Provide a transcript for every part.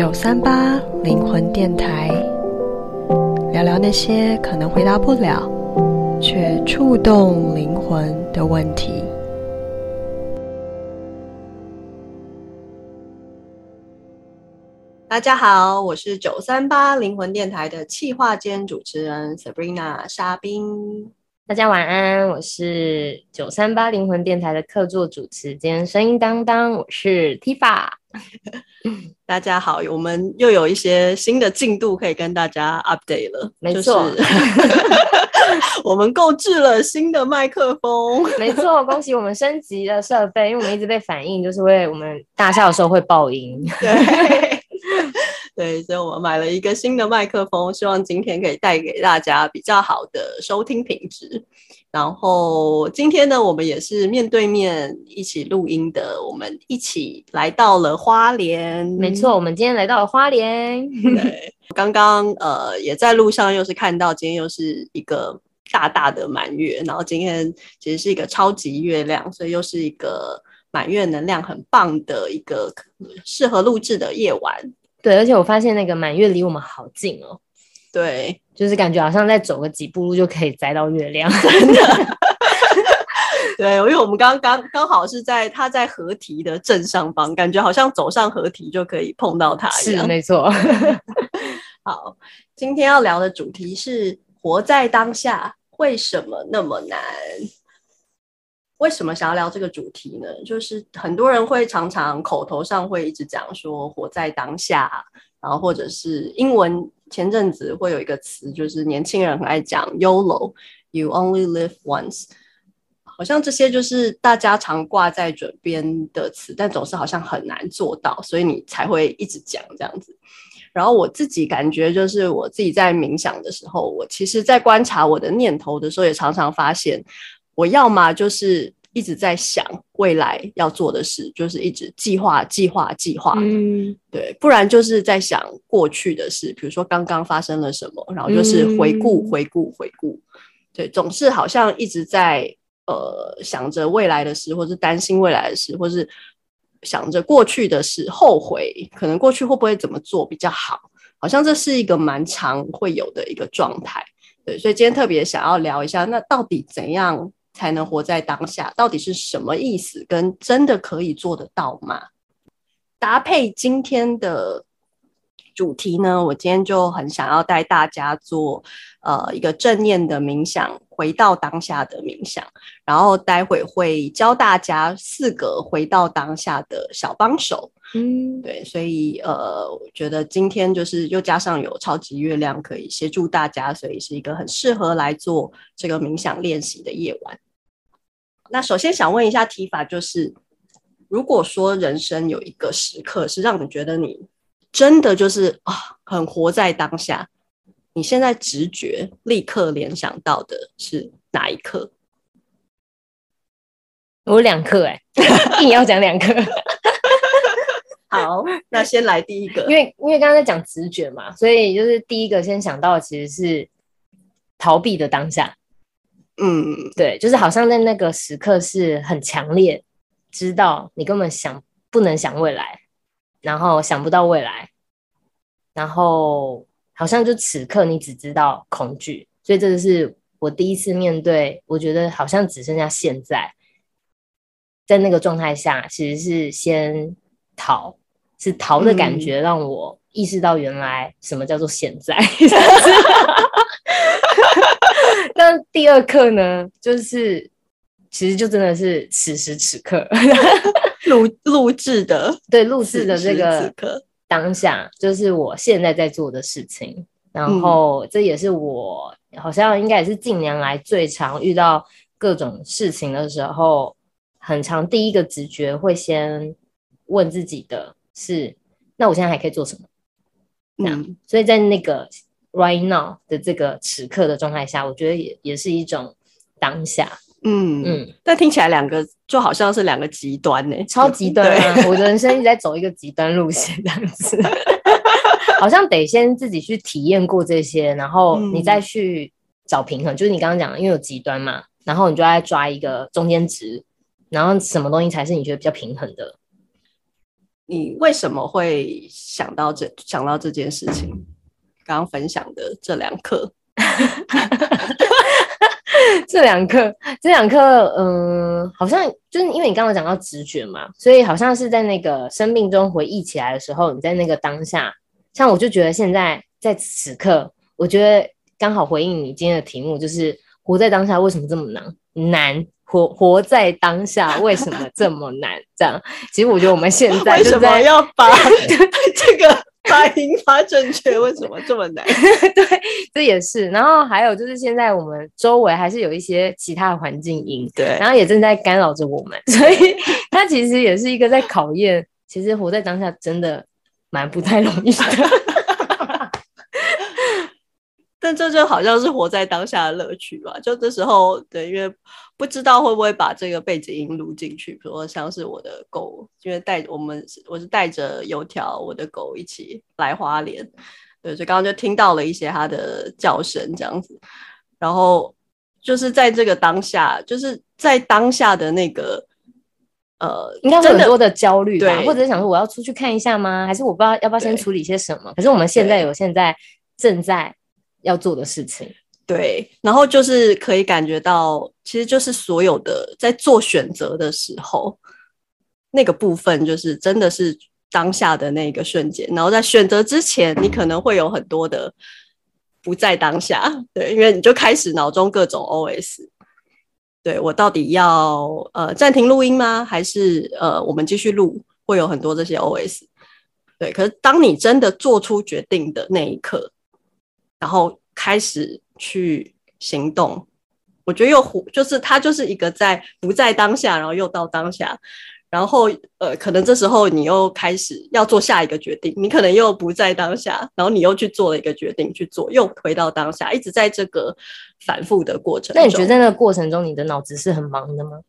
九三八靈魂電台，聊聊那些可能回答不了，卻觸動靈魂的問題。大家好，我是九三八靈魂電台的企劃兼主持人 Sabrina 莎賓。大家晚安，我是九三八靈魂電台的客座主持兼聲音當當，我是 Tifa。大家好，我們又有一些新的進度可以跟大家 update 了。沒錯，我們購置了新的麥克風。沒錯，恭喜我們升級的設備，因為我們一直被反映就是會我們大笑的時候會爆音。對，對，所以我們買了一個新的麥克風，希望今天可以帶給大家比較好的收聽品質。然後今天呢，我們也是面對面一起錄音的。我們一起來到了花蓮，沒錯，我們今天來到了花蓮。 對，剛剛呃也在路上，又是看到今天又是一個大大的滿月，然後今天其實是一個超級月亮，所以又是一個滿月能量很棒的一個適合錄製的夜晚。對，而且我發現那個滿月離我們好近哦。對，就是感覺好像再走個幾步路就可以摘到月亮，真的。 對，因為我們剛剛剛好是在它在河堤的正上方，感覺好像走上河堤就可以碰到它一樣。是的，沒錯。 好，今天要聊的主題是活在當下，為什麼那麼難？為什麼想要聊這個主題呢？就是很多人會常常口頭上會一直講說活在當下，然後或者是英文。前陣子會有一個詞，就是年輕人很愛講 “YOLO”，“you only live once”，好像這些就是大家常掛在嘴邊的詞，但總是好像很難做到，所以你才會一直講這樣子。然後我自己感覺，就是我自己在冥想的時候，我其實在觀察我的念頭的時候，也常常發現，我要麼就是。一直在想未來要做的事，就是一直計劃計劃計劃計劃的。嗯，對，不然就是在想過去的事，比如說剛剛發生了什麼，然後就是回顧回顧回顧。對，總是好像一直在呃想着未來的事，或是擔心未來的事，或是想着過去的事，後悔可能過去會不會怎麼做比較好？好像這是一個蠻常會有的一個狀態。對，所以今天特別想要聊一下，那到底怎樣？才能活在當下，到底是什麼意思？跟真的可以做得到嗎？搭配今天的主題呢，我今天就很想要帶大家做呃一個正念的冥想，回到當下的冥想。然後待會會教大家四個回到當下的小幫手。嗯，對，所以呃，我覺得今天就是又加上有超級月亮可以協助大家，所以是一個很適合來做這個冥想練習的夜晚。那首先想問一下提法，就是如果說人生有一個時刻是讓你覺得你真的就是啊、哦，很活在當下，你現在直覺立刻聯想到的是哪一刻？我有兩刻哎， 硬要講兩刻。 好，那先來第一個，因為因為剛剛在講直覺嘛，所以就是第一個先想到的其實是逃避的當下。嗯，對，就是好像在那個時刻是很強烈，知道你根本想不能想未來，然後想不到未來，然後好像就此刻你只知道恐懼，所以這就是我第一次面對，我覺得好像只剩下現在，在那個狀態下，其實是先逃，是逃的感覺讓我意識到原來什麼叫做現在。嗯 那第二課呢，就是其實就真的是此時此刻錄錄制的，對，錄制的這個當下，此時此刻就是我現在在做的事情。然後、嗯、這也是我好像應該也是近年來最常遇到各種事情的時候，很常第一個直覺會先問自己的是：那我現在還可以做什麼？那、嗯、所以在那個。Right now 的這個此刻的狀態下，我覺得也也是一種當下。嗯嗯。嗯但聽起來兩個就好像是兩個極端誒、欸，超極端、啊。對我人生一直在走一個極端路線，這樣子， 好像得先自己去體驗過這些，然後你再去找平衡。嗯、就是你剛剛講的，因為有極端嘛，然後你就要抓一個中間值，然後什麼東西才是你覺得比較平衡的？你為什麼會想到這？想到這件事情？剛剛分享的這兩刻 這兩刻，這兩刻，嗯，好像就是因為你剛剛講到直覺嘛，所以好像是在那個生命中，回憶起來的時候，你在那個當下，像我就覺得現在在此刻，我覺得剛好回應你今天的題目，就是活在當下為什麼這麼難？難活活在當下為什麼這麼難？ 這樣，其實我覺得我們現在，在為什麼要把 這個？發音發正確為什麼這麼難？ 對，這也是。然後還有就是，現在我們周圍還是有一些其他的環境音，對然後也正在干擾着我們，所以它其實也是一個在考驗。其實活在當下真的蠻不太容易的。 但這就好像是活在當下的樂趣吧，就這時候，對，因為不知道會不會把這個背景音錄進去，比如說像是我的狗，因為帶我們，我是帶着油條，我的狗一起來花蓮，對，所以剛剛就聽到了一些它的叫聲這樣子，然後就是在這個當下，就是在當下的那個，呃，應該很多的焦慮吧，對，或者是想說我要出去看一下嗎？還是我不知道要不要先處理一些什麼？對可是我們現在有現在正在，要做的事情，對，然後就是可以感覺到，其實就是所有的在做選擇的時候，那個部分就是真的是當下的那個瞬間。然後在選擇之前，你可能會有很多的不在當下，對，因為你就開始腦中各種 OS，對，我到底要呃暫停錄音嗎？還是呃我們繼續錄？會有很多這些 OS，對。可是當你真的做出決定的那一刻，然後開始去行動，我覺得又就是他就是一個在不在當下，然後又到當下，然後呃，可能這時候你又開始要做下一個決定，你可能又不在當下，然後你又去做了一個決定，去做又回到當下，一直在這個反覆的過程。那你覺得在那個過程中，你的腦子是很忙的嗎？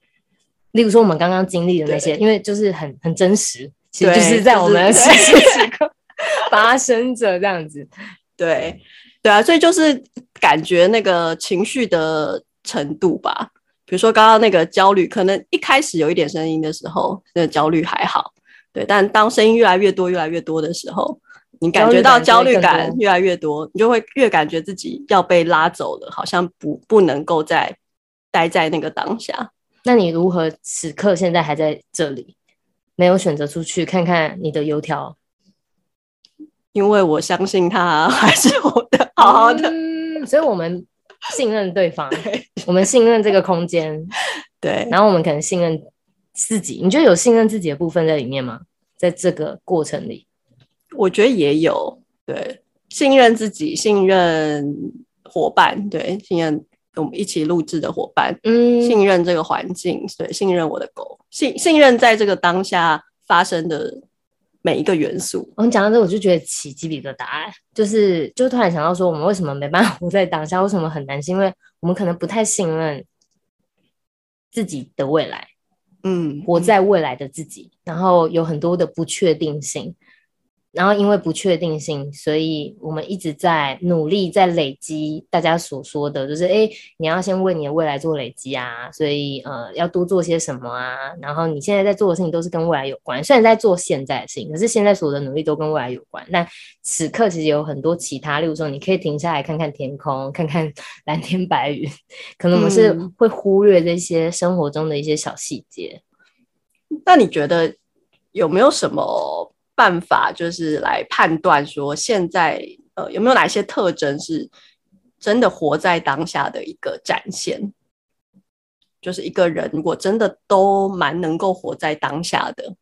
例如說我們剛剛經歷的那些，對因為就是很很真實，對其實就是在我們現實時刻發生着這樣子，對。對啊，所以就是感覺那個情緒的程度吧。比如說剛剛那個焦慮，可能一開始有一點聲音的時候，那個焦慮還好。對，但當聲音越來越多、越來越多的時候，你感覺到焦慮感越來越多，多你就會越感覺自己要被拉走了，好像不不能夠再待在那個當下。那你如何此刻現在還在這裡？沒有選擇出去看看你的油條？因為我相信他還是我的。好好的，所以我們信任對方，我們信任這個空間，對。然後我們可能信任自己，你覺得有信任自己的部分在裡面嗎？在這個過程裡，我覺得也有。對，信任自己，信任夥伴，對，信任我們一起錄制的夥伴，嗯，信任這個環境，對，信任我的狗，信信任在這個當下發生的。每一個元素，我們講到這，我就覺得奇蹟裡的答案，就是，就突然想到說，我們為什麼沒辦法活在當下？為什麼很擔心？因為我們可能不太信任自己的未來，嗯，活在未來的自己，嗯、然後有很多的不確定性。然後，因為不確定性，所以我們一直在努力，在累積。大家所說的，就是哎，你要先為你的未來做累積啊。所以，呃，要多做些什麼啊，然後，你現在在做的事情都是跟未來有關。雖然在做現在的事情，可是現在所有的努力都跟未來有關。但此刻其實有很多其他，例如說，你可以停下來看看天空，看看藍天白雲。可能我們是會忽略這些生活中的一些小細節。嗯，那你覺得有沒有什麼辦法就是來判斷說，現在呃有沒有哪些特徵是真的活在當下的一個展現？就是一個人如果真的都蠻能夠活在當下的，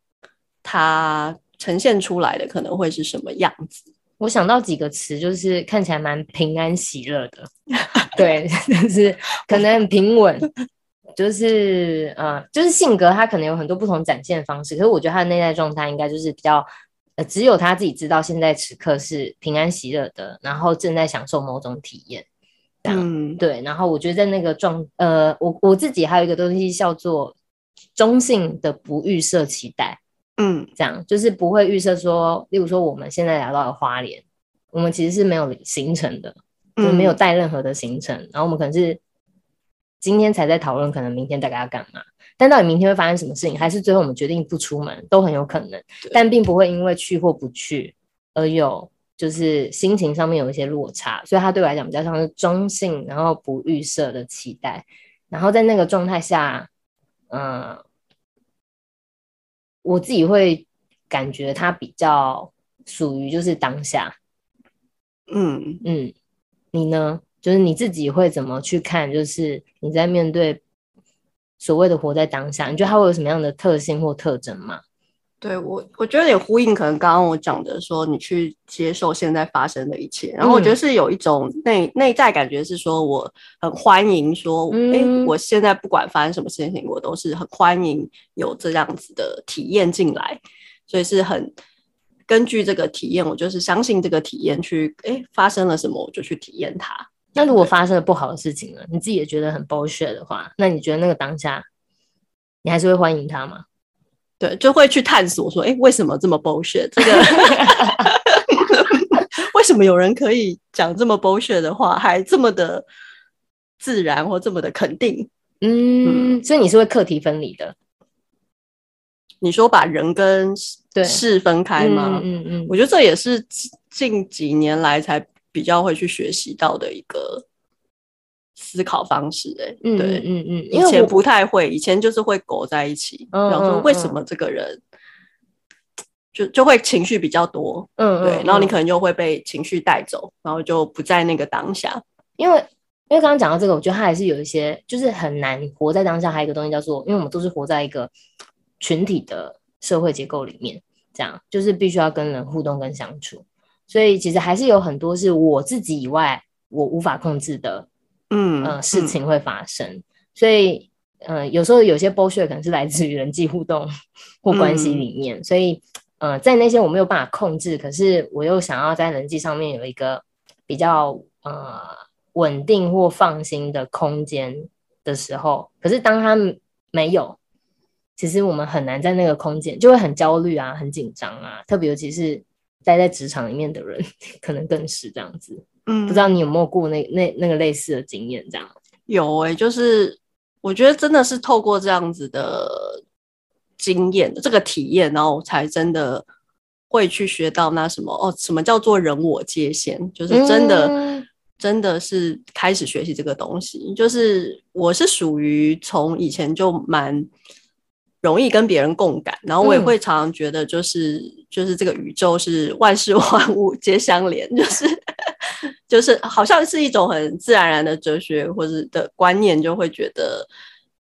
他呈現出來的可能會是什麼樣子？我想到幾個詞，就是看起來蠻平安喜樂的， 對，就是可能很平穩。 就是，呃就是性格，他可能有很多不同展現方式。可是我覺得他的內在狀態應該就是比較，呃，只有他自己知道現在此刻是平安喜樂的，然後正在享受某種體驗。嗯，對。然後我覺得在那個狀，呃，我我自己還有一個東西叫做中性的不預設期待。嗯，這樣就是不會預設說，例如說我們現在聊到了花蓮，我們其實是沒有行程的，就是、沒有帶任何的行程，嗯、然後我們可能是。今天才在討論，可能明天大概要幹嘛？但到底明天會發生什麼事情，還是最後我們決定不出門，都很有可能。但並不會因為去或不去而有，就是心情上面有一些落差。所以他對我來講比較像是中性，然後不預設的期待。然後在那個狀態下，嗯，我自己會感覺他比較屬於就是當下。嗯嗯，你呢？就是你自己會怎麼去看？就是你在面對所謂的活在當下，你覺得它會有什麼樣的特性或特徵嗎？對，我，我覺得有點呼應，可能剛剛我講的說，你去接受現在發生的一切。然後我覺得是有一種內內、嗯、在感覺，是說我很歡迎說，說哎、嗯欸，我現在不管發生什麼事情，我都是很歡迎有這樣子的體驗進來。所以是很根據這個體驗，我就是相信這個體驗，去、欸、哎發生了什麼，我就去體驗它。那如果發生了不好的事情呢，你自己也覺得很 bullshit 的話，那你覺得那個當下，你還是會歡迎他嗎？對，就會去探索，說，哎、欸，為什麼這麼 bullshit？這個， 為什麼有人可以講這麼 bullshit 的話，還這麼的自然或這麼的肯定？嗯，所以你是會課題分離的。你說把人跟事分開嗎？嗯嗯嗯，嗯嗯我覺得這也是近幾年來才，比較會去學習到的一個思考方式，哎，嗯，對，嗯嗯，以前不太會，以前就是會苟在一起，然後、嗯嗯嗯、說為什麼這個人就就會情緒比較多，嗯，嗯對，嗯嗯、然後你可能就會被情緒帶走，然後就不在那個當下。因為因為剛剛講到這個，我覺得他還是有一些，就是很難活在當下。還有一個東西叫做，因為我們都是活在一個群體的社會結構裡面，這樣就是必須要跟人互動跟相處。所以其實還是有很多是我自己以外我無法控制的，嗯、呃、事情會發生。嗯、所以，嗯、呃，有時候有些 bullshit 可能是來自於人際互動或關係裡面。嗯、所以，嗯、呃，在那些我沒有辦法控制，可是我又想要在人際上面有一個比較呃穩定或放心的空間的時候，可是當他們沒有，其實我們很難在那個空間，就會很焦慮啊，很緊張啊，特別尤其是。待在職場裡面的人，可能更是這樣子。嗯，不知道你有沒有過那那那個類似的經驗？這樣有哎、欸，就是我覺得真的是透過這樣子的經驗，這個體驗，然後才真的會去學到那什麼哦，什麼叫做人我界限？就是真的，嗯、真的是開始學習這個東西。就是我是屬於從以前就蠻容易跟別人共感，然後我也會常常覺得就是。嗯就是這個宇宙是萬事萬物皆相連，就是就是好像是一種很自然而然的哲學或是的觀念，就會覺得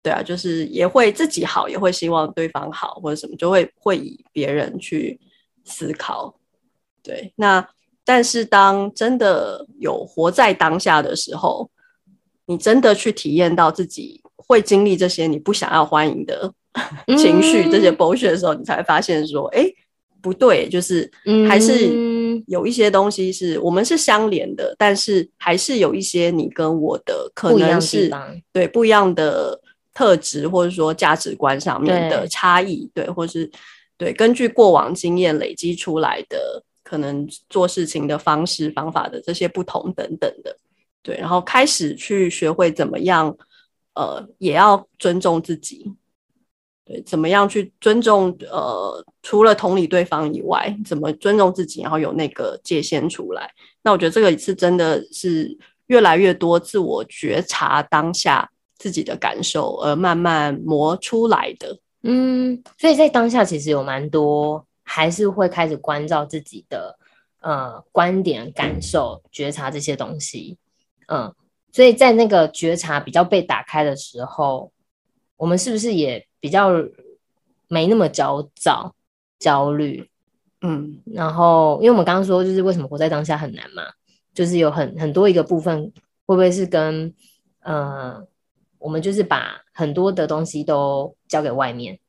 對啊，就是也會自己好，也會希望對方好或者什麼，就會會以別人去思考。對，那但是當真的有活在當下的時候，你真的去體驗到自己會經歷這些你不想要歡迎的情緒，嗯、這些剝削、er、的時候，你才發現說，哎。不對，就是還是有一些東西是，嗯、我們是相連的，但是還是有一些你跟我的可能是對不一樣的特質，或者說價值觀上面的差異，對，對，或是對根據過往經驗累積出來的可能做事情的方式方法的這些不同等等的，對，然後開始去學會怎麼樣，呃，也要尊重自己。怎麼樣去尊重？呃，除了同理對方以外，怎麼尊重自己？然後有那個界限出來？那我覺得這個是真的是越來越多自我覺察當下自己的感受，而慢慢磨出來的。嗯，所以在當下其實有蠻多還是會開始關照自己的呃觀點、感受、覺察這些東西。嗯，所以在那個覺察比較被打開的時候，我們是不是也？比較沒那麼焦躁、焦慮，嗯，然後因為我們剛剛說，就是為什麼活在當下很難嘛，就是有很很多一個部分，會不會是跟，呃，我們就是把很多的東西都交給外面，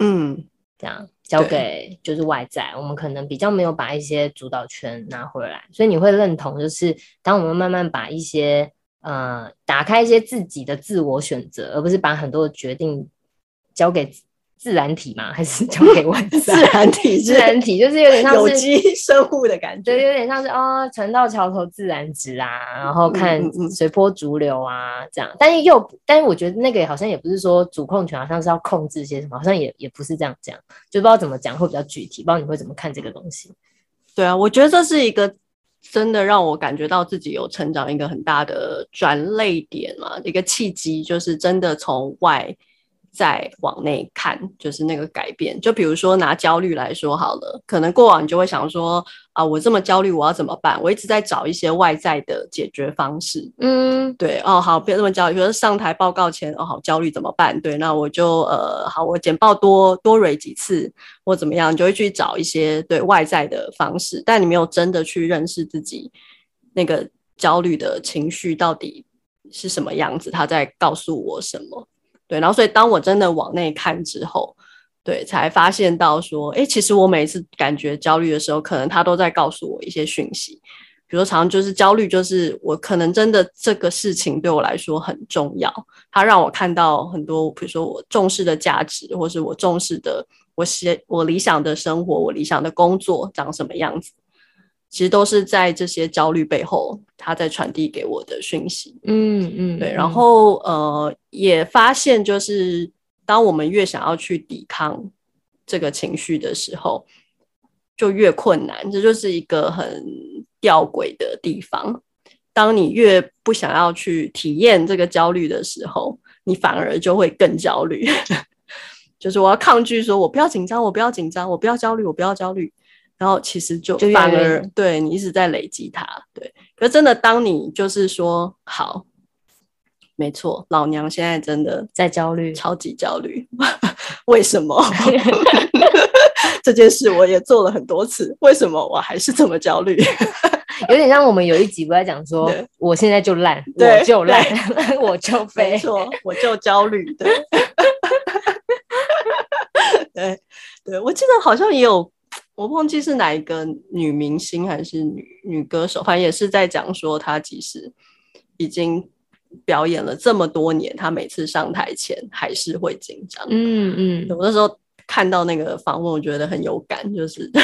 嗯，這樣交給就是外在，對 我們可能比較沒有把一些主導權拿回來，所以你會認同，就是當我們慢慢把一些，呃，打開一些自己的自我選擇，而不是把很多的決定。交給自然體嗎？還是交給外、啊、 自，然體自然體？自然體就是有點像是有機生物的感覺，對，有點像是啊、哦，船到橋頭自然直啊，然後看隨波逐流啊，嗯嗯這樣。但又，但是我覺得那個好像也不是說主控權，好像是要控制些什麼，好像也也不是這樣講。講就不知道怎麼講會比較具體，不知道你會怎麼看這個東西。對啊，我覺得這是一個真的讓我感覺到自己有成長一個很大的轉捩點嘛，一個契機，就是真的從外。再往內看，就是那個改變。就比如說拿焦慮來說好了，可能過往你就會想說啊，我這麼焦慮，我要怎麼辦？我一直在找一些外在的解決方式。嗯，對，哦，好，不要那麼焦慮。比如上台報告前，哦，好焦慮怎麼辦？對，那我就呃，好，我簡報多多 read 幾次，或怎麼樣，你就會去找一些對外在的方式。但你沒有真的去認識自己那個焦慮的情緒到底是什麼樣子，他在告訴我什麼。對，然後所以當我真的往內看之後，對，才發現到說，哎，其實我每一次感覺焦慮的時候，可能他都在告訴我一些訊息。比如說，常常就是焦慮，就是我可能真的這個事情對我來說很重要，他讓我看到很多，比如說我重視的價值，或是我重視的我寫我理想的生活，我理想的工作長什麼樣子。其實都是在這些焦慮背後，他在傳遞給我的訊息。嗯嗯，嗯對。然後呃，也發現就是，當我們越想要去抵抗這個情緒的時候，就越困難。這就是一個很吊詭的地方。當你越不想要去體驗這個焦慮的時候，你反而就會更焦慮。 就是我要抗拒說，說我不要緊張，我不要緊張，我不要焦慮，我不要焦慮。然後其實就，就遠遠反而對你一直在累積它，對。可真的，當你就是說好，沒錯，老娘現在真的在焦慮，超級焦慮。焦慮 為什麼 這件事我也做了很多次，為什麼我還是這麼焦慮？ 有點像我們有一集不在講說，對我現在就爛，對我就爛，對 我就飛沒錯，我就焦慮。對 對，對，對，我記得好像也有。我忘記是哪一個女明星還是女女歌手，反正也是在講說，她其實已經表演了這麼多年，她每次上台前還是會緊張、嗯。嗯嗯，有的時候看到那個訪問，我覺得很有感，就是對，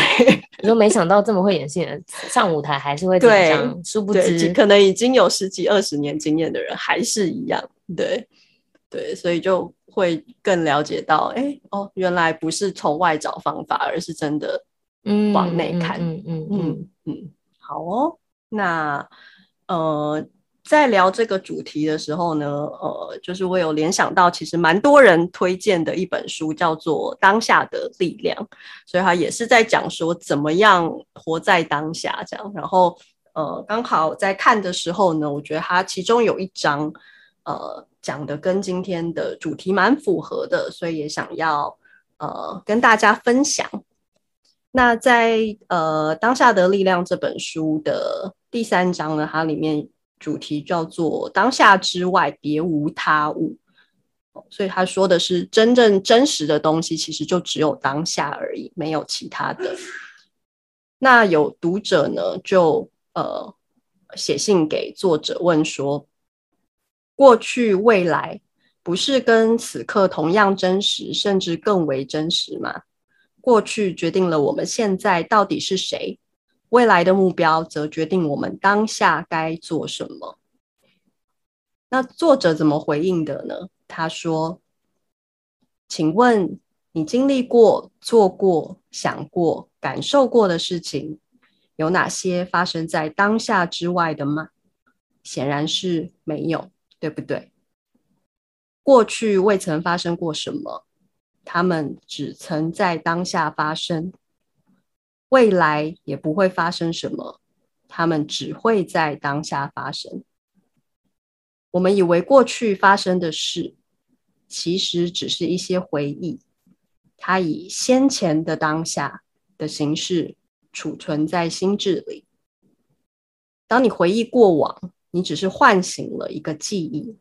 你說沒想到這麼會演戲的人上舞台還是會緊張，對殊不知，對，可能已經有十幾二十年經驗的人還是一樣，對對，所以就會更了解到，哎、欸、哦，原來不是從外找方法，而是真的。嗯，往內看。嗯嗯嗯嗯，好哦。那呃，在聊這個主題的時候呢，呃，就是我有聯想到，其實蠻多人推薦的一本書，叫做《當下的力量》，所以它也是在講說怎麼樣活在當下。這樣，然後呃，剛好在看的時候呢，我覺得它其中有一章，呃，講的跟今天的主題蠻符合的，所以也想要呃跟大家分享。那在呃，當下的力量這本書的第三章呢，它裡面主題叫做“當下之外別無他物”。所以他說的是，真正真實的東西其實就只有當下而已，沒有其他的。那有讀者呢，就呃寫信給作者問說，過去未來不是跟此刻同樣真實，甚至更為真實嗎？過去決定了我們現在到底是誰，未來的目標則決定我們當下該做什麼。那作者怎麼回應的呢？他說：“請問你經歷過、做過、想過、感受過的事情，有哪些發生在當下之外的嗎？顯然是沒有，對不對？過去未曾發生過什麼。”他們只曾在當下發生，未來也不會發生什麼。他們只會在當下發生。我們以為過去發生的事，其實只是一些回憶，它以先前的當下的形式儲存在心智裡。當你回憶過往，你只是喚醒了一個記憶，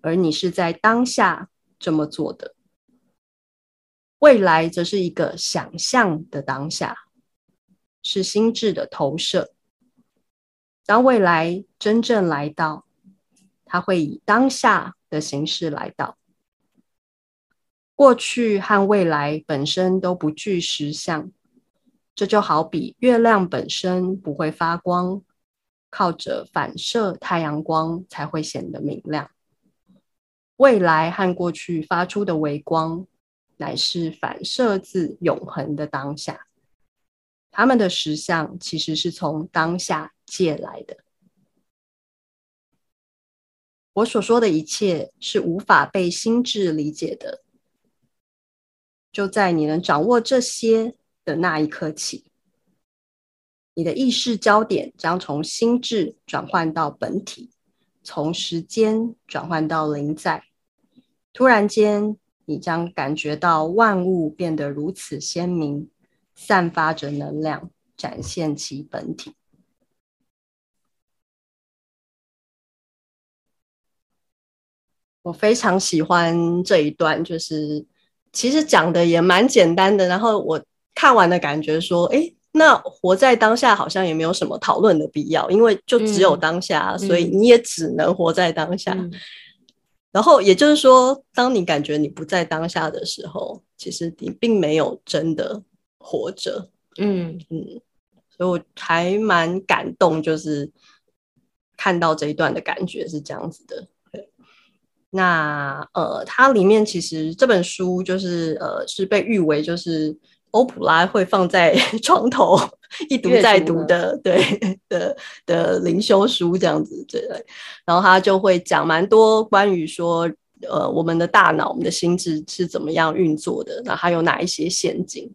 而你是在當下這麼做的。未來則是一個想象的當下，是心智的投射。當未來真正來到，它會以當下的形式來到。過去和未來本身都不具實相，這就好比月亮本身不會發光，靠着反射太陽光，才會顯得明亮。未來和過去發出的微光，乃是反射自永恆的當下，他們的實相其實是從當下借來的。我所說的一切是無法被心智理解的。就在你能掌握這些的那一刻起，你的意識焦點將從心智轉換到本體，從時間轉換到臨在。突然間。你將感覺到萬物變得如此鮮明，散發着能量，展現其本體。我非常喜歡這一段，就是其實講的也蠻簡單的。然後我看完的感覺說：“哎，那活在當下好像也沒有什麼討論的必要，因為就只有當下，嗯、所以你也只能活在當下。”嗯，嗯。然後也就是說，當你感覺你不在當下的時候，其實你並沒有真的活着。嗯嗯，所以我還蠻感動，就是看到這一段的感覺是這樣子的。對，那呃，它裡面其實這本書就是呃，是被譽為就是。歐普拉會放在床頭一讀再讀的，的對的的靈修書這樣子對。然後他就會講蠻多關於說，呃，我們的大腦、我們的心智是怎麼樣運作的，那還有哪一些陷阱？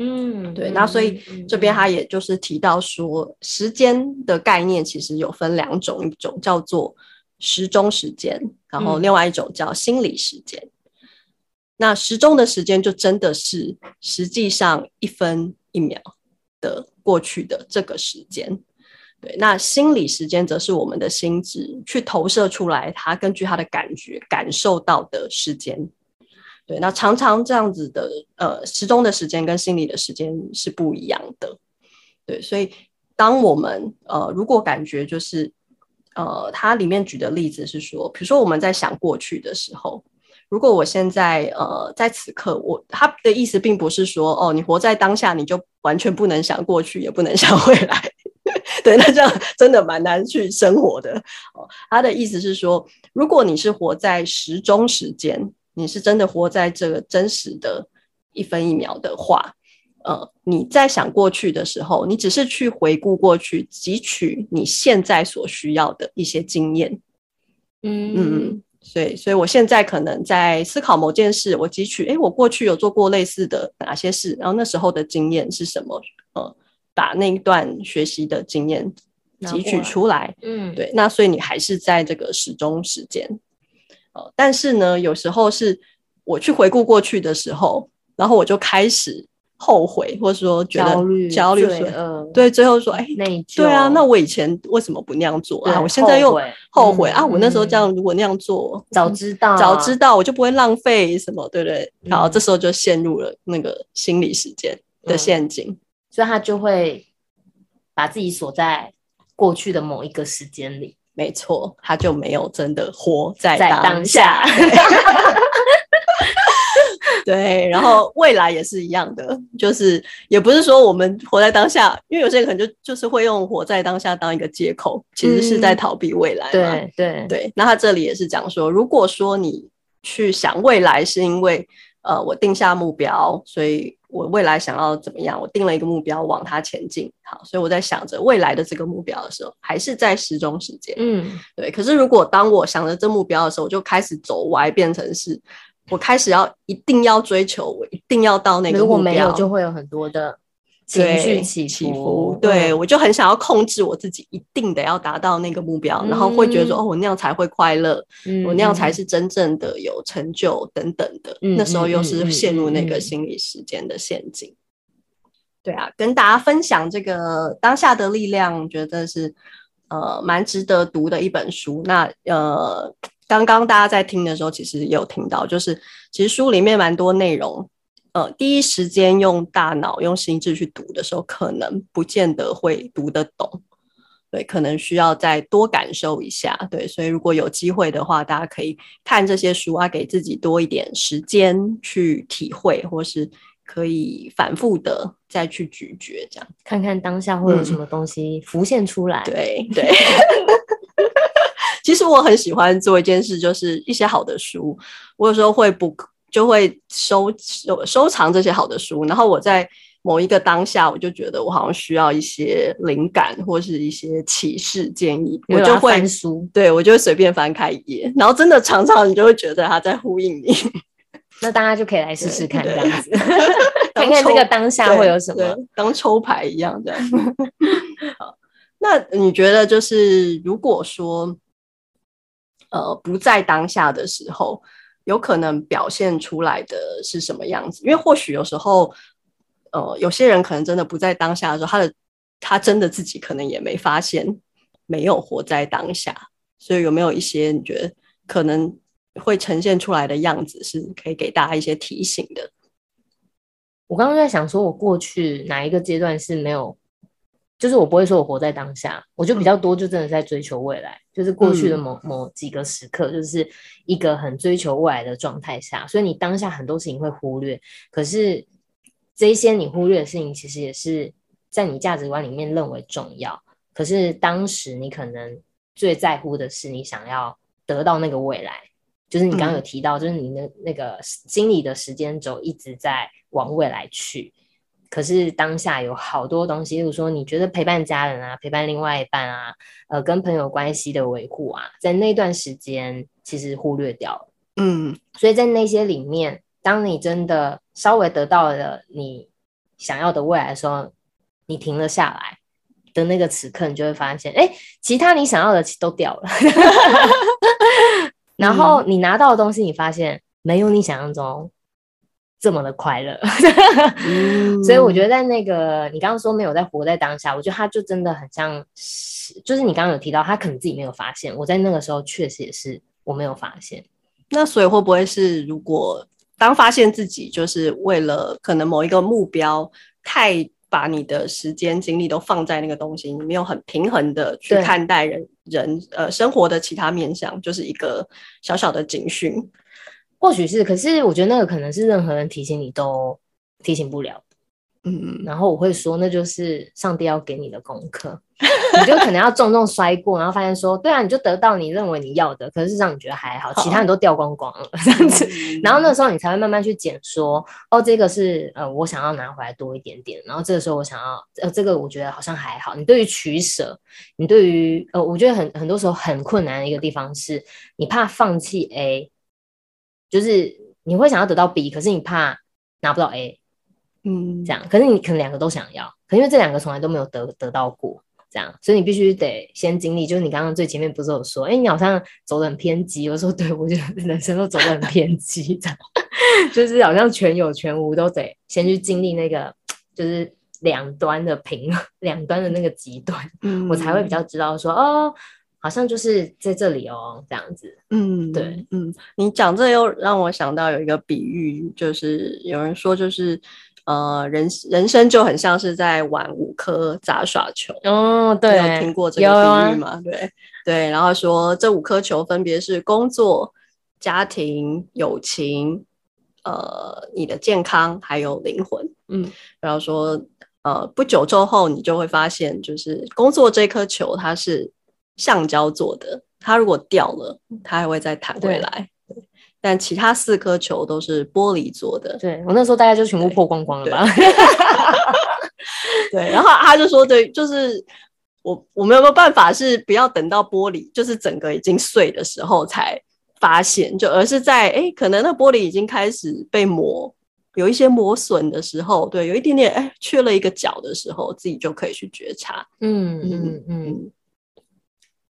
嗯，對。嗯、那所以這邊他也就是提到說，時間的概念其實有分兩種，一種叫做時鐘時間，然後另外一種叫心理時間。嗯那時鐘的時間就真的是實際上一分一秒的過去的這個時間，對。那心理時間則是我們的心智去投射出來，它根據它的感覺感受到的時間，對。那常常這樣子的，呃，時鐘的時間跟心理的時間是不一樣的，對。所以當我們呃，如果感覺就是呃，它裡面舉的例子是說，比如說我們在想過去的時候。如果我現在呃，在此刻，我他的意思並不是說哦，你活在當下，你就完全不能想過去，也不能想未來。 對，那這樣真的蠻難去生活的哦。他的意思是說，如果你是活在時鐘時間，你是真的活在這個真實的一分一秒的話，呃，你在想過去的時候，你只是去回顧過去，汲取你現在所需要的一些經驗。嗯嗯。嗯所以，所以我現在可能在思考某件事，我汲取，哎，我過去有做過類似的哪些事，然後那時候的經驗是什麼，呃，把那一段學習的經驗汲取出來，嗯，對，那所以你還是在這個時鐘時間，呃，但是呢，有時候是我去回顧過去的時候，然後我就開始。後悔，或者說覺得焦慮，對對，最後說哎，內疚，對啊，那我以前為什麼不那樣做啊？我現在又後悔啊！我那時候這樣，如果那樣做，早知道，早知道我就不會浪費什麼，對不對。然後這時候就陷入了那個心理時間的陷阱，所以他就會把自己鎖在過去的某一個時間裡。沒錯，他就沒有真的活在當下。對，然後未來也是一樣的，就是也不是說我們活在當下，因為有些人可能就就是會用活在當下當一個借口，其實是在逃避未來，嗯。對對對。那他這裡也是講說，如果說你去想未來，是因為呃我定下目標，所以我未來想要怎麼樣，我定了一個目標往它前進。好，所以我在想着未來的這個目標的時候，還是在時鐘時間。嗯，對。可是如果當我想着這目標的時候，我就開始走歪，變成是。我開始要一定要追求，我一定要到那個目標，如果沒有就會有很多的情緒起起伏。對，我就很想要控制我自己，一定得要達到那個目標，然後會覺得說，哦，我那樣才會快樂，嗯、我那樣才是真正的有成就等等的。嗯、那時候又是陷入那個心理時間的陷阱。嗯、對啊，跟大家分享這個當下的力量，我覺得是。呃，蠻值得讀的一本書。那呃，剛剛大家在聽的時候，其實也有聽到，就是其實書裡面蠻多內容，呃，第一時間用大腦、用心智去讀的時候，可能不見得會讀得懂，對，可能需要再多感受一下，對。所以如果有機會的話，大家可以看這些書啊，給自己多一點時間去體會，或是，可以反覆的再去咀嚼，這樣看看當下會有什麼東西，嗯，浮現出來。對對，對 其實我很喜歡做一件事，就是一些好的書，我有時候會不就會收收收藏這些好的書，然後我在某一個當下，我就覺得我好像需要一些靈感或是一些啟示建議我，我就會翻書，對我就會隨便翻開一頁，然後真的常常你就會覺得他在呼應你。那大家就可以來試試看，這樣子，看看這個當下會有什麼，當抽牌一樣這樣子。 好，那你覺得就是如果說，呃，不在當下的時候，有可能表現出來的是什麼樣子？因為或許有時候，呃，有些人可能真的不在當下的時候，他的他真的自己可能也沒發現沒有活在當下。所以有沒有一些你覺得可能？會呈現出來的樣子是可以給大家一些提醒的。我剛剛在想說我過去哪一個階段是沒有，就是我不會說我活在當下，我就比較多就真的在追求未來。嗯、就是過去的某某幾個時刻，就是一個很追求未來的狀態下，所以你當下很多事情會忽略。可是這一些你忽略的事情，其實也是在你價值觀裡面認為重要。可是當時你可能最在乎的是你想要得到那個未來。就是你剛剛有提到，嗯、就是你的那個心理的時間軸一直在往未來去，可是當下有好多東西，例如說你覺得陪伴家人啊，陪伴另外一半啊，呃，跟朋友關係的維護啊，在那段時間其實忽略掉了。嗯，所以在那些裡面，當你真的稍微得到了你想要的未來的時候，你停了下來的那個此刻，你就會發現，哎、欸，其他你想要的其實都掉了。 然後你拿到的東西，你發現沒有你想象中這麼的快樂。嗯， 所以我覺得在那個你剛剛說沒有在活在當下，我覺得他就真的很像，就是你剛剛有提到他可能自己沒有發現，我在那個時候確實也是我沒有發現。那所以會不會是如果當發現自己就是為了可能某一個目標太，把你的時間精力都放在那個東西，你沒有很平衡的去看待人對人呃生活的其他面向，就是一個小小的警訊，或許是，可是我覺得那個可能是任何人提醒你都提醒不了。嗯，然後我會說，那就是上帝要給你的功課，你就可能要重重摔過， 然後發現說，對啊，你就得到你認為你要的，可是讓你覺得還好，其他你都掉光光了這樣子。然後那時候你才會慢慢去撿，說，哦，這個是呃，我想要拿回來多一點點。然後這個時候我想要，呃，這個我覺得好像還好。你對於取捨，你對於呃，我覺得很很多時候很困難的一個地方是，你怕放棄 A，就是你會想要得到 B，可是你怕拿不到 A。嗯，這樣可是你可能兩個都想要，可因為這兩個從來都沒有得得到過，這樣，所以你必須得先經歷。就是你剛剛最前面不是有說，哎、欸，你好像走得很偏激。我說對，對，我覺得男生都走得很偏激 這樣，就是好像全有全無都得先去經歷那個，就是兩端的平，兩端的那個極端，嗯，我才會比較知道說，哦，好像就是在這裡哦，這樣子。嗯，對，嗯，你講這又讓我想到有一個比喻，就是有人說就是。呃，人人生就很像是在玩五顆雜耍球。哦，oh, 對，有聽過這個比喻嗎？啊、對，對。然後說這五顆球分別是工作、家庭、友情、呃，你的健康還有靈魂。嗯。然後說，呃，不久之後你就會發現，就是工作這顆球它是橡膠做的，它如果掉了，它還會再彈回來。但其他四顆球都是玻璃做的，對，我那時候大概就全部破光光了吧？對，然後他就說：“對，就是我，我沒有沒有辦法，是不要等到玻璃就是整個已經碎的時候才發現，就而是在哎、欸，可能那個玻璃已經開始被磨，有一些磨損的時候，對，有一點點哎、欸，缺了一個角的時候，自己就可以去覺察。”嗯嗯嗯，嗯嗯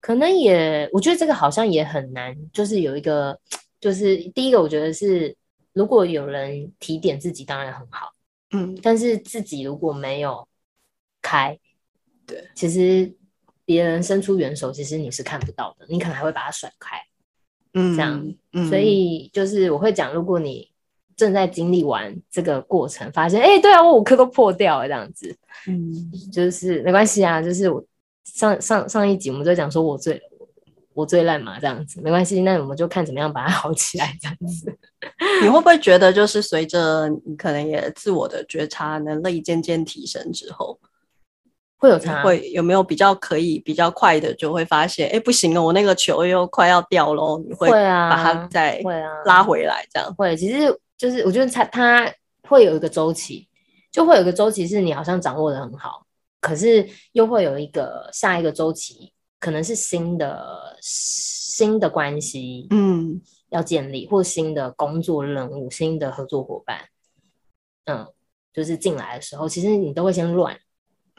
可能也，我覺得這個好像也很難，就是有一個。就是第一個，我覺得是如果有人提點自己，當然很好，嗯。但是自己如果沒有開，對，其實，別人伸出援手，其實你是看不到的，你可能還會把它甩開，嗯。這樣，嗯、所以就是我會講，如果你正在經歷完這個過程，發現哎、欸，對啊，我五顆都破掉了這樣子，嗯，就是沒關係啊，就是我上上上一集我們都在講說我醉了。我最爛嘛，這樣子沒關係。那我們就看怎麼樣把它好起來，這樣子。 你會不會覺得，就是隨着你可能也自我的覺察能力漸漸提升之後，會有差會有沒有比較可以比較快的就會發現，哎，不行了哦，我那個球又快要掉咯，你會啊，把它再拉回來，這樣。會啊，會啊，會。其實就是我覺得它它會有一個週期，就會有一個週期是你好像掌握得很好，可是又會有一個下一個週期。可能是新的新的關係，嗯，要建立，嗯、或新的工作任務、新的合作夥伴，嗯，就是進來的時候，其實你都會先亂，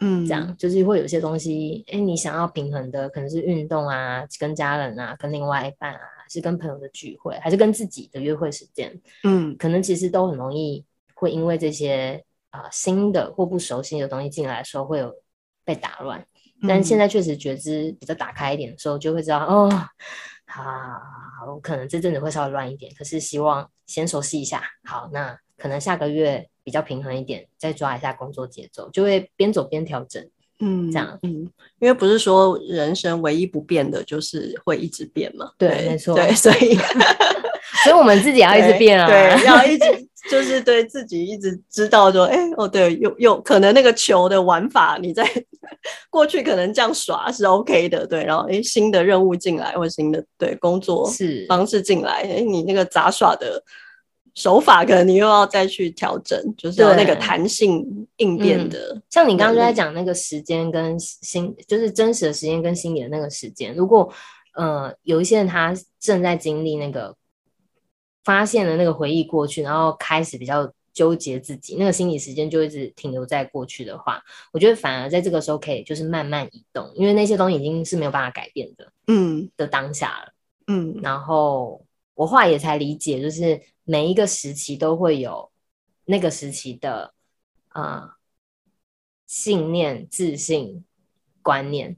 嗯，這樣就是會有些東西，哎、欸，你想要平衡的可能是運動啊、跟家人啊、跟另外一半啊，是跟朋友的聚會，還是跟自己的約會時間，嗯，可能其實都很容易會因為這些啊、呃、新的或不熟悉的東西進來的時候會有被打亂。但現在確實覺知比較打開一點的時候，就會知道、嗯、哦好好，好，可能這陣子會稍微亂一點，可是希望先熟悉一下。好，那可能下個月比較平衡一點，再抓一下工作節奏，就會邊走邊調整。嗯，這樣，嗯，因為不是說人生唯一不變的就是會一直變嘛。對，沒錯，對，所以， 所以我們自己也要一直變啊，對，對，要一直。 就是對自己一直知道說，哎、欸、哦，對，有有可能那個球的玩法，你在過去可能這樣耍是 OK 的，對。然後，哎、欸，新的任務進來或者新的對工作方式進來，哎是、欸，你那個雜耍的手法可能你又要再去調整，就是有那個彈性應變的、嗯。像你剛剛就在講那個時間跟心，就是真實的時間跟心理的那個時間。如果呃有一些人他正在經歷那個。發現了那個回憶過去，然後開始比較糾結自己，那個心理時間就一直停留在過去的話，我覺得反而在這個時候可以就是慢慢移動，因為那些東西已經是沒有辦法改變的，嗯，的當下了，嗯，然後我話也才理解，就是每一個時期都會有那個時期的啊、呃、信念、自信、觀念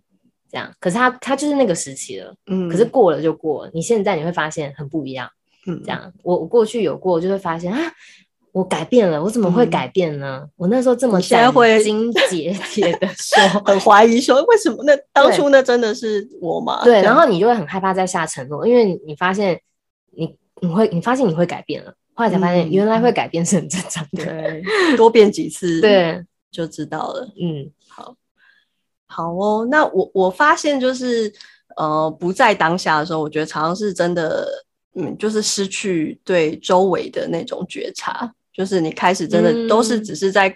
這樣，可是他他就是那個時期了，嗯，可是過了就過了，你現在你會發現很不一樣。這樣，我我過去有過，我就會發現啊，我改變了，我怎麼會改變呢？嗯、我那時候這麼斬釘截鐵的說，在 很懷疑說，為什麼那當初那真的是我嗎？對，樣對，然後你就會很害怕再下承諾，因為你發現你你會你發現你會改變了，後來才發現原來會改變是很正常的，嗯、對多變幾次，對，就知道了。對嗯，好，好哦。那我我發現就是呃，不在當下的時候，我覺得常常是真的。嗯，就是失去對周圍的那種覺察，就是你開始真的都是只是在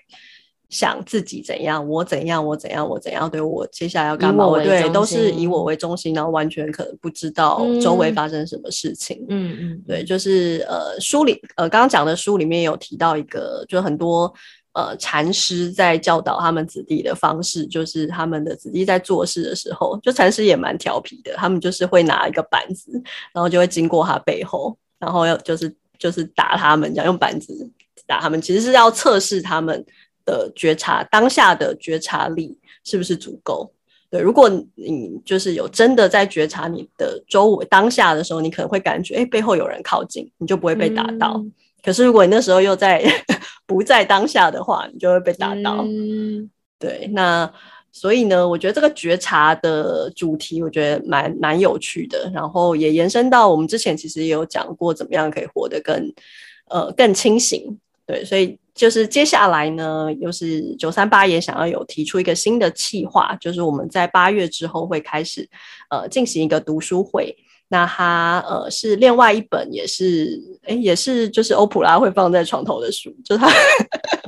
想自己怎樣，嗯、我怎樣，我怎樣，我怎樣，對我接下來要幹嘛？我對，都是以我為中心，然後完全可能不知道周圍發生什麼事情。嗯嗯，對，就是呃書裡呃剛剛講的書裡面有提到一個，就是很多。呃，禪師在教導他們子弟的方式，就是他們的子弟在做事的時候，就禪師也蠻調皮的。他們就是會拿一個板子，然後就會經過他背後，然後要就是就是打他們，這樣用板子打他們，其實是要測試他們的覺察，當下的覺察力是不是足夠。對，如果你就是有真的在覺察你的周圍當下的時候，你可能會感覺哎、欸，背後有人靠近，你就不會被打到。嗯、可是如果你那時候又在。 不在當下的話，你就會被打倒。嗯、對，那所以呢，我覺得這個覺察的主題，我覺得蠻蠻有趣的。然後也延伸到我們之前其實也有講過，怎麼樣可以活得更呃更清醒。對，所以就是接下來呢，又是九三八也想要有提出一個新的企劃，就是我們在八月之後會開始呃進行一個讀書會。那他呃是另外一本，也是哎、欸、也是就是歐普拉會放在床頭的書，就是他，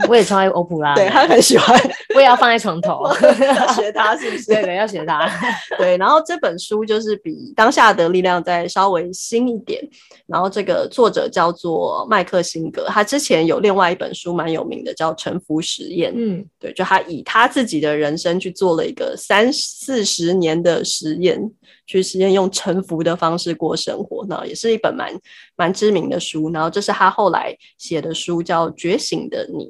我也超愛歐普拉，對他很喜歡，我也要放在床頭， 要學他是不是？對，要學他。對，然後這本書就是比《當下的力量》再稍微新一點，然後這個作者叫做麥克辛格，他之前有另外一本書蠻有名的，叫《臣服實驗》。嗯，對，就他以他自己的人生去做了一個三四十年的實驗。去實現用臣服的方式過生活，那也是一本蠻蠻知名的書。然後這是他後來寫的書，叫《覺醒的你》，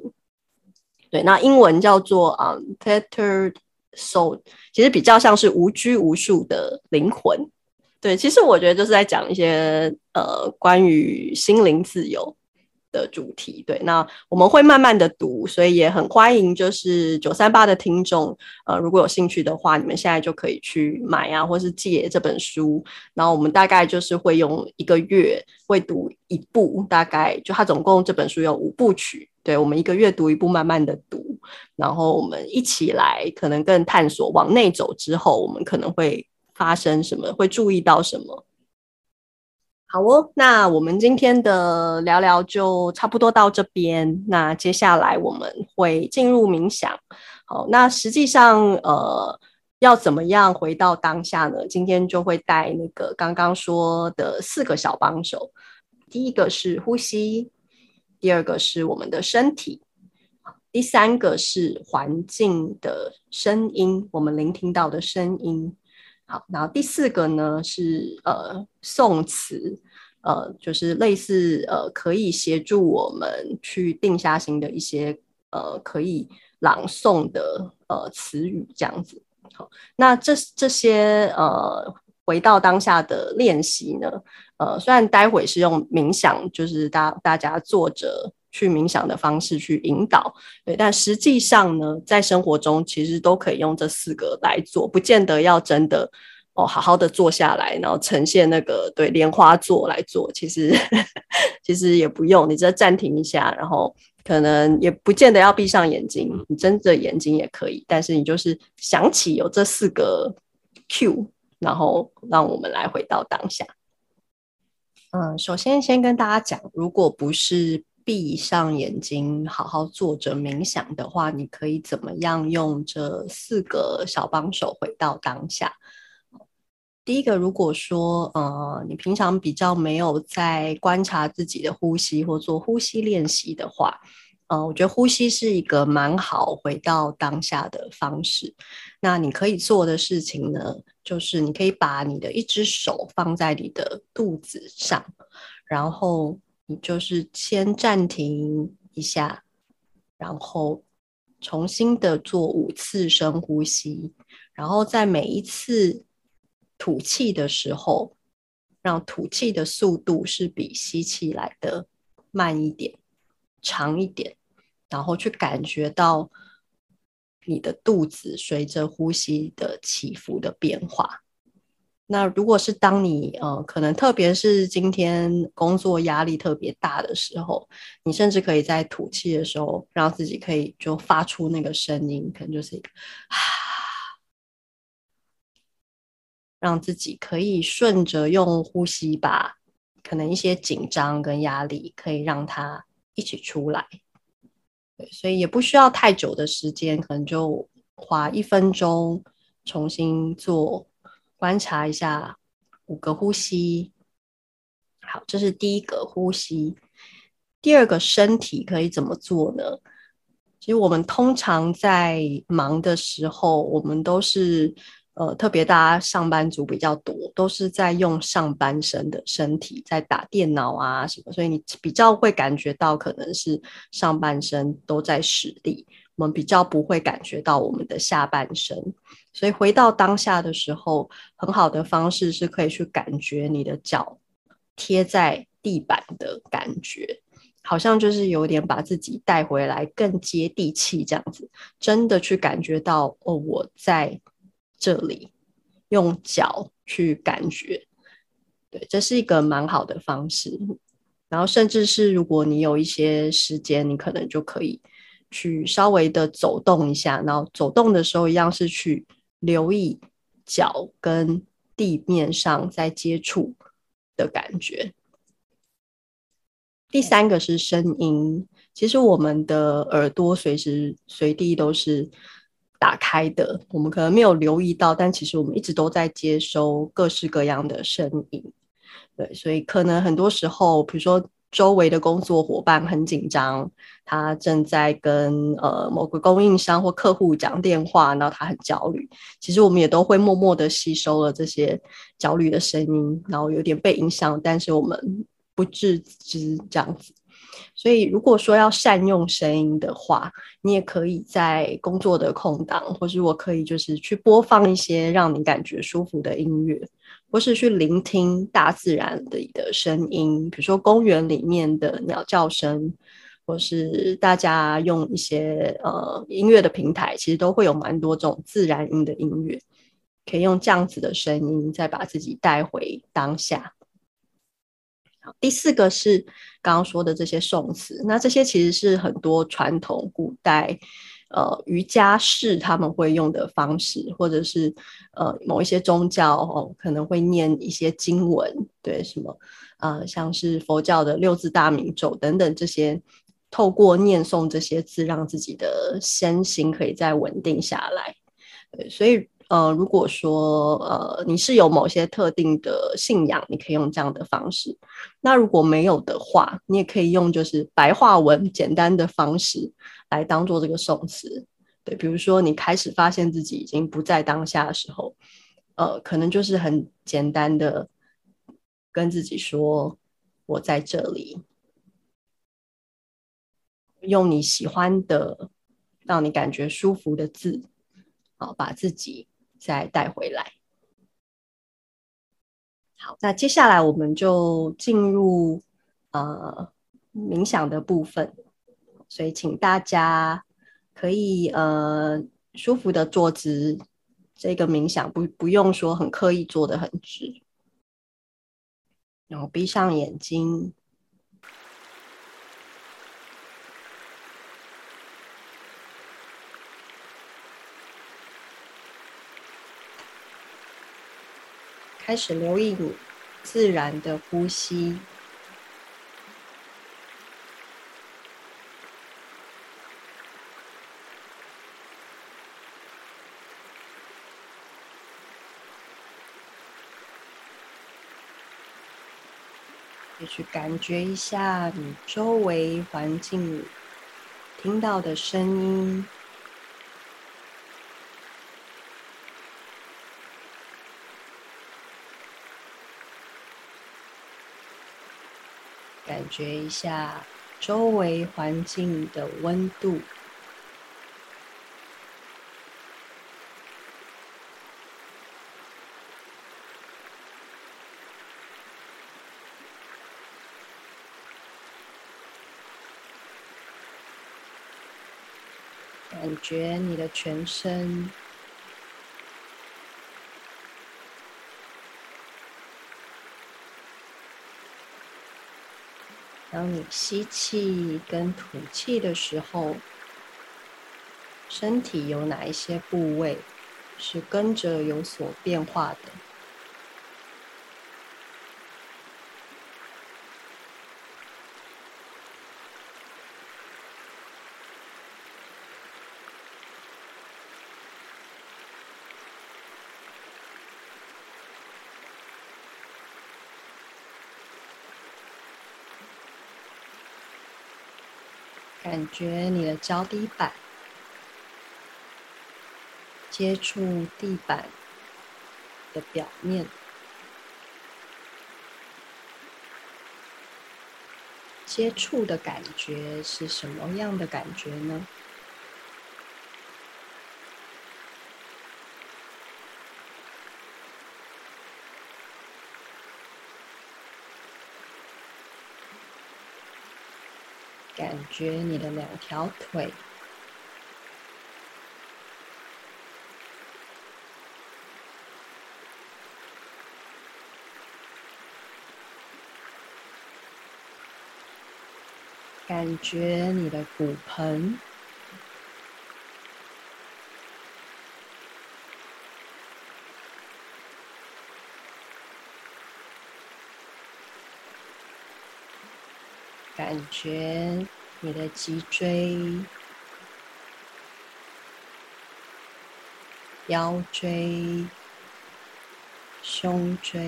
對，那英文叫做、啊，《Untethered Soul》，其實比較像是無拘無束的靈魂。對，其實我覺得就是在講一些呃關於心靈自由。的主題，對，那我們會慢慢的讀，所以也很歡迎就是九三八的聽眾，呃，如果有興趣的話，你們現在就可以去買啊，或是借這本書。然後我們大概就是會用一個月會讀一部，大概就它總共這本書有五部曲，對，我們一個月讀一部，慢慢的讀，然後我們一起來，可能更探索往內走之後，我們可能會發生什麼，會注意到什麼。好哦，那我們今天的聊聊就差不多到這邊。那接下來我們會進入冥想。好，那實際上，呃，要怎麼樣回到當下呢？今天就會帶那個剛剛說的四個小幫手。第一個是呼吸，第二個是我們的身體，第三個是環境的聲音，我們聆聽到的聲音。好，然後第四個呢是呃誦詞，呃就是類似呃可以協助我們去定下心的一些呃可以朗誦的呃詞語這樣子。好，那這這些呃回到當下的練習呢，呃雖然待會是用冥想，就是大家大家坐着，去冥想的方式去引導，對，但實際上呢，在生活中其實都可以用這四個來做，不見得要真的哦，好好的坐下來，然後呈現那個對蓮花座來做，其實呵呵其實也不用，你這暫停一下，然後可能也不見得要閉上眼睛，你睜着眼睛也可以，但是你就是想起有這四個 Q，然後讓我們來回到當下。嗯，首先先跟大家講，如果不是。閉上眼睛，好好坐着冥想的話，你可以怎麼樣用這四個小幫手回到當下？第一個，如果說呃，你平常比較沒有在觀察自己的呼吸或做呼吸練習的話，呃我覺得呼吸是一個蠻好回到當下的方式。那你可以做的事情呢，就是你可以把你的一只手放在你的肚子上，然後。你就是先暫停一下，然後重新的做五次深呼吸，然後在每一次吐氣的時候，讓吐氣的速度是比吸氣來的慢一點、長一點，然後去感覺到你的肚子隨着呼吸的起伏的變化。那如果是當你呃，可能特別是今天工作壓力特別大的時候，你甚至可以在吐氣的時候，讓自己可以就發出那個聲音，可能就是，啊，讓自己可以順着用呼吸吧，可能一些緊張跟壓力可以讓它一起出來。對，所以也不需要太久的時間，可能就花一分鐘重新做。觀察一下五個呼吸，好，這是第一個呼吸。第二個身體可以怎麼做呢？其實我們通常在忙的時候，我們都是呃，特別大家上班族比較多，都是在用上半身的身體在打電腦啊什麼，所以你比較會感覺到可能是上半身都在使力，我們比較不會感覺到我們的下半身。所以回到當下的時候，很好的方式是可以去感覺你的腳貼在地板的感覺，好像就是有點把自己帶回來，更接地氣這樣子。真的去感覺到哦，我在這裡，用腳去感覺，對，這是一個蠻好的方式。然後甚至是如果你有一些時間，你可能就可以去稍微的走動一下，然後走動的時候一樣是去。留意腳跟地面上在接觸的感覺。第三個是聲音，其實我們的耳朵隨時隨地都是打開的，我們可能沒有留意到，但其實我們一直都在接收各式各樣的聲音。對，所以可能很多時候，比如說。周圍的工作夥伴很緊張，他正在跟呃某個供應商或客戶講電話，然後他很焦慮。其實我們也都會默默地吸收了這些焦慮的聲音，然後有點被影響，但是我們不自知這樣子。所以如果說要善用聲音的話，你也可以在工作的空檔，或是我可以就是去播放一些讓你感覺舒服的音樂。或是去聆聽大自然的一個聲音，比如說公園裡面的鳥叫聲，或是大家用一些呃音樂的平台，其實都會有蠻多種自然音的音樂，可以用這樣子的聲音再把自己帶回當下。第四個是剛剛說的這些宋詞，那這些其實是很多傳統古代。呃，瑜伽士他們會用的方式，或者是呃某一些宗教哦，呃，可能會念一些經文，對什麼呃，像是佛教的六字大明咒等等這些，透過念誦這些字，讓自己的身心可以再穩定下來。對，所以呃，如果說呃你是有某些特定的信仰，你可以用這樣的方式；那如果沒有的話，你也可以用就是白話文簡單的方式。來當做這個誦詞，對，比如說你開始發現自己已經不在當下的時候，呃，可能就是很簡單的跟自己說：“我在這裡。”用你喜歡的、讓你感覺舒服的字，好、啊，把自己再帶回來。好，那接下來我們就進入呃冥想的部分。所以，請大家可以呃舒服的坐直，這個冥想不不用說很刻意坐的很直，然後閉上眼睛，開始留意你自然的呼吸。去感覺一下你周圍環境聽到的聲音，感覺一下周圍環境的溫度。感覺你的全身，當你吸氣跟吐氣的時候，身體有哪一些部位是跟着有所變化的？覺你的腳底板接觸地板的表面，接觸的感覺是什麼樣的感覺呢？感覺你的兩條腿，感覺你的骨盆。感覺你的脊椎、腰椎、胸椎、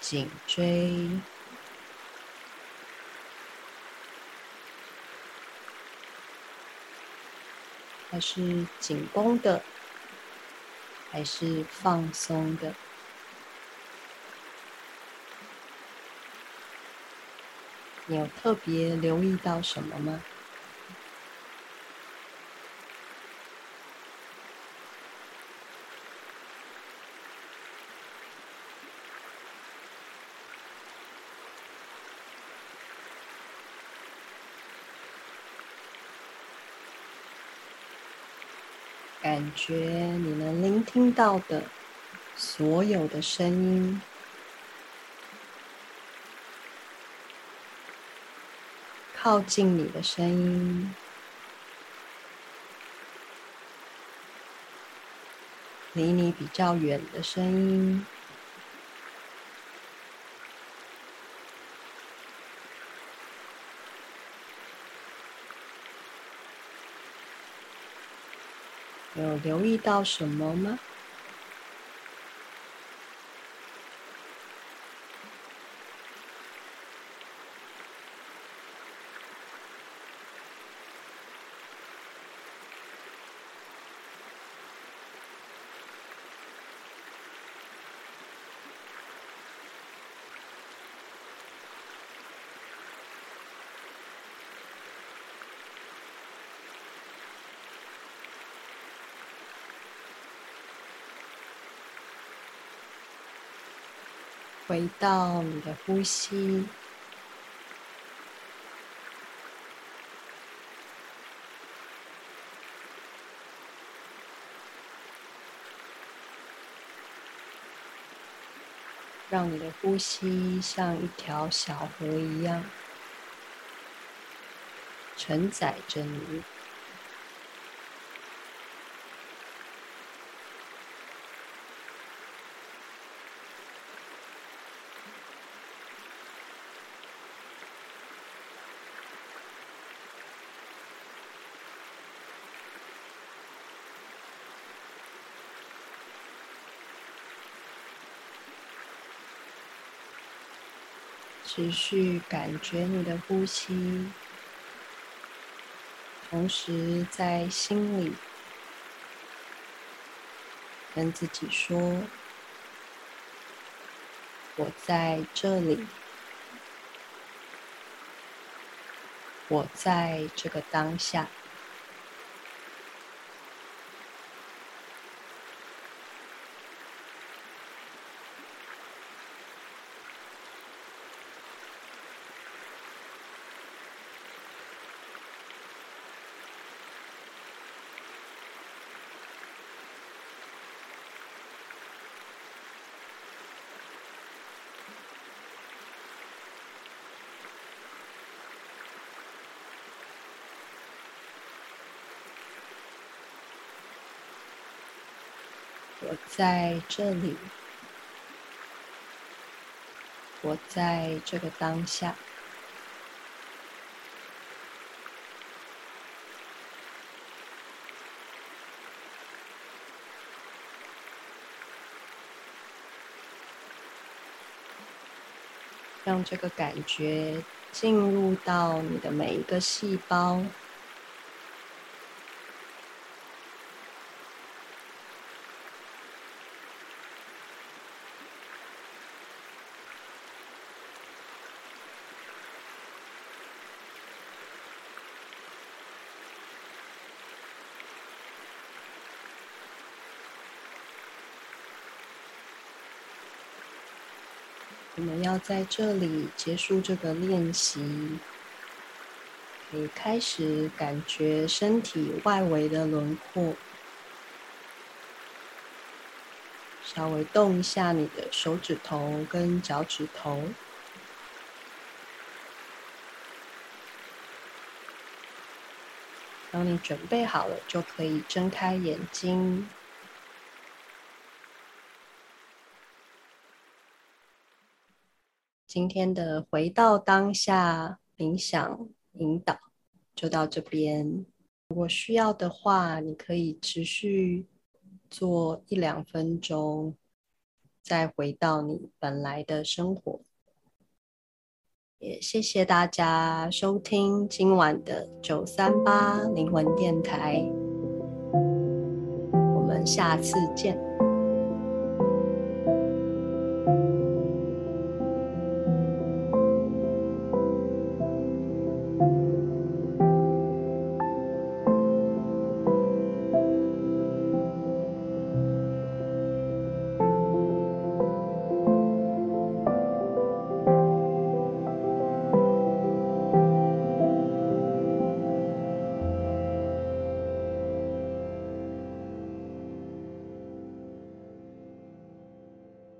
頸椎，還是緊繃的，還是放鬆的？你有特別留意到什麼嗎？感覺你能聆聽到的所有的聲音。靠近你的聲音，離你比較遠的聲音，有留意到什麼嗎？回到你的呼吸，讓你的呼吸像一條小河一樣，承載着你。持續感覺你的呼吸，同時在心裡跟自己說：“我在這裡，我在這個當下。”在這裡，我在這個當下，讓這個感覺進入到你的每一個細胞。我們要在這裡結束這個練習，可以開始感覺身體外圍的輪廓，稍微動一下你的手指頭跟腳趾頭。當你準備好了，就可以睜開眼睛。今天的回到當下冥想引導就到這邊。如果需要的話，你可以持續做一兩分鐘，再回到你本來的生活。也謝謝大家收聽今晚的九三八靈魂電台。我們下次見。